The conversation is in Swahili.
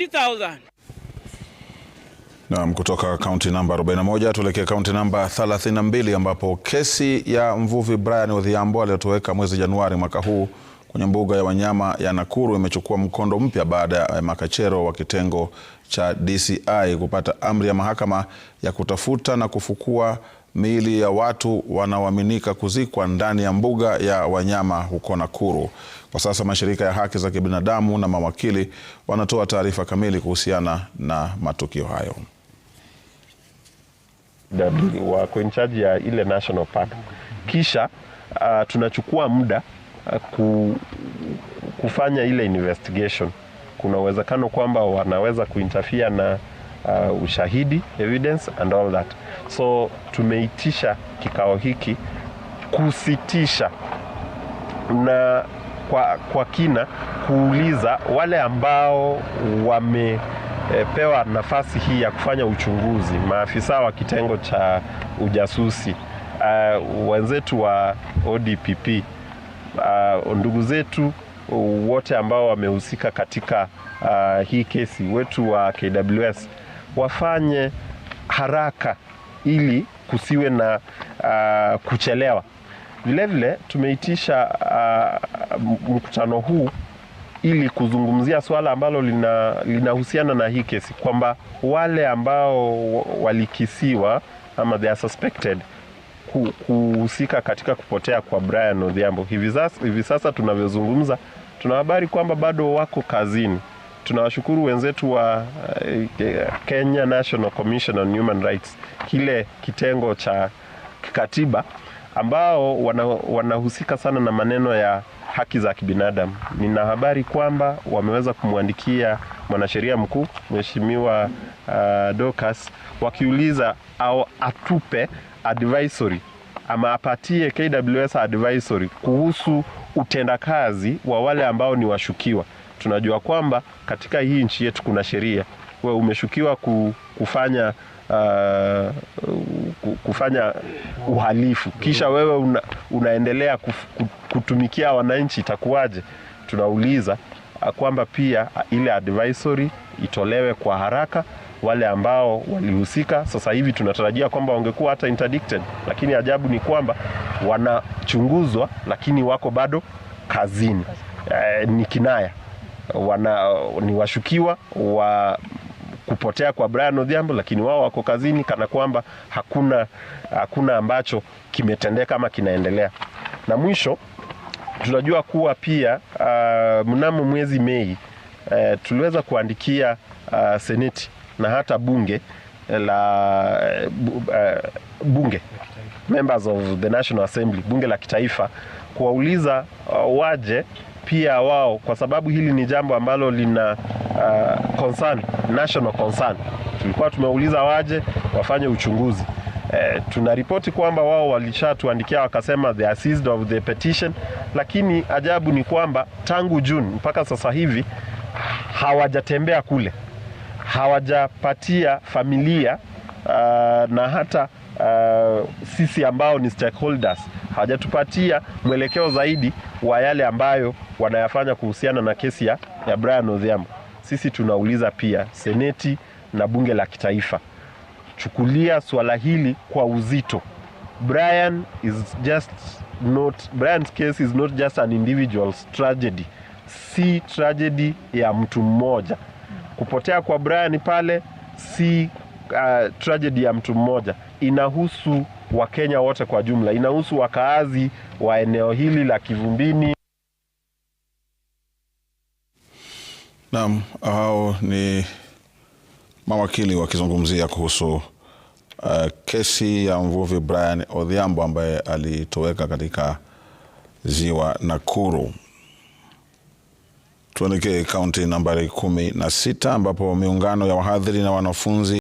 50,000. Naam, kutoka kaunti namba 41 tuelekee kaunti namba 32 ambapo kesi ya mvuvi Brian Odhiambo aliyotoweka mwezi Januari mwaka huu kwenye mbuga ya wanyama ya Nakuru imechukua mkondo mpya baada ya makachero wa kitengo cha DCI kupata amri ya mahakama ya kutafuta na kufukua miili ya watu wanaoaminika kuzikwa ndani ya mbuga ya wanyama huko Nakuru. Kwa sasa mashirika ya haki za kibinadamu na mawakili wanatoa taarifa kamili kuhusiana na matukio hayo. Wako in charge ya ile national park, kisha uh, tunachukua muda kufanya ile investigation. Kuna uwezekano kwamba wanaweza kuinterfere na uh, ushahidi evidence and all that. So tumeitisha kikao hiki kusitisha na kwa, kwa kina kuuliza wale ambao wamepewa nafasi hii ya kufanya uchunguzi, maafisa wa kitengo cha ujasusi uh, wenzetu wa ODPP uh, ndugu zetu wote ambao wamehusika katika uh, hii kesi wetu wa KWS wafanye haraka ili kusiwe na uh, kuchelewa. Vilevile tumeitisha uh, mkutano huu ili kuzungumzia swala ambalo lina, linahusiana na hii kesi kwamba wale ambao walikisiwa ama they are suspected kuhusika katika kupotea kwa Brian Odhiambo. Hivi sasa, hivi sasa tunavyozungumza tuna habari kwamba bado wako kazini. Tunawashukuru wenzetu wa eh, Kenya National Commission on Human Rights, kile kitengo cha kikatiba ambao wanahusika wana sana na maneno ya haki za kibinadamu. Nina habari kwamba wameweza kumwandikia mwanasheria mkuu Mheshimiwa uh, Dorcas wakiuliza au atupe advisory ama apatie KWS advisory kuhusu utendakazi wa wale ambao ni washukiwa. Tunajua kwamba katika hii nchi yetu kuna sheria, wewe umeshukiwa kufanya uh, kufanya uhalifu kisha wewe una, unaendelea kuf, kutumikia wananchi itakuwaje? Tunauliza uh, kwamba pia uh, ile advisory itolewe kwa haraka wale ambao walihusika. Sasa hivi tunatarajia kwamba wangekuwa hata interdicted, lakini ajabu ni kwamba wanachunguzwa, lakini wako bado kazini. E, ni kinaya wana, ni washukiwa wa kupotea kwa Brian Odhiambo, lakini wao wako kazini kana kwamba hakuna, hakuna ambacho kimetendeka ama kinaendelea. Na mwisho tunajua kuwa pia uh, mnamo mwezi Mei uh, tuliweza kuandikia uh, seneti na hata bunge eh, la uh, bunge members of the National Assembly, bunge la kitaifa kuwauliza uh, waje pia wao, kwa sababu hili ni jambo ambalo lina Uh, concern, national concern. Tulikuwa tumeuliza waje wafanye uchunguzi. Eh, tunaripoti kwamba wao walishatuandikia wakasema they are seized of the petition, lakini ajabu ni kwamba tangu Juni mpaka sasa hivi hawajatembea kule, hawajapatia familia uh, na hata uh, sisi ambao ni stakeholders hawajatupatia mwelekeo zaidi wa yale ambayo wanayafanya kuhusiana na kesi ya, ya Brian Odhiambo sisi tunauliza pia seneti na bunge la kitaifa, chukulia swala hili kwa uzito. Brian is just not, Brian's case is not just an individual's tragedy, si tragedy ya mtu mmoja. Kupotea kwa Brian pale si uh, tragedy ya mtu mmoja, inahusu Wakenya wote kwa jumla, inahusu wakaazi wa eneo hili la Kivumbini. Naam, hao ni mawakili wakizungumzia kuhusu uh, kesi ya mvuvi Brian Odhiambo ambaye alitoweka katika ziwa Nakuru. Tuelekee kaunti nambari kumi na sita ambapo miungano ya wahadhiri na wanafunzi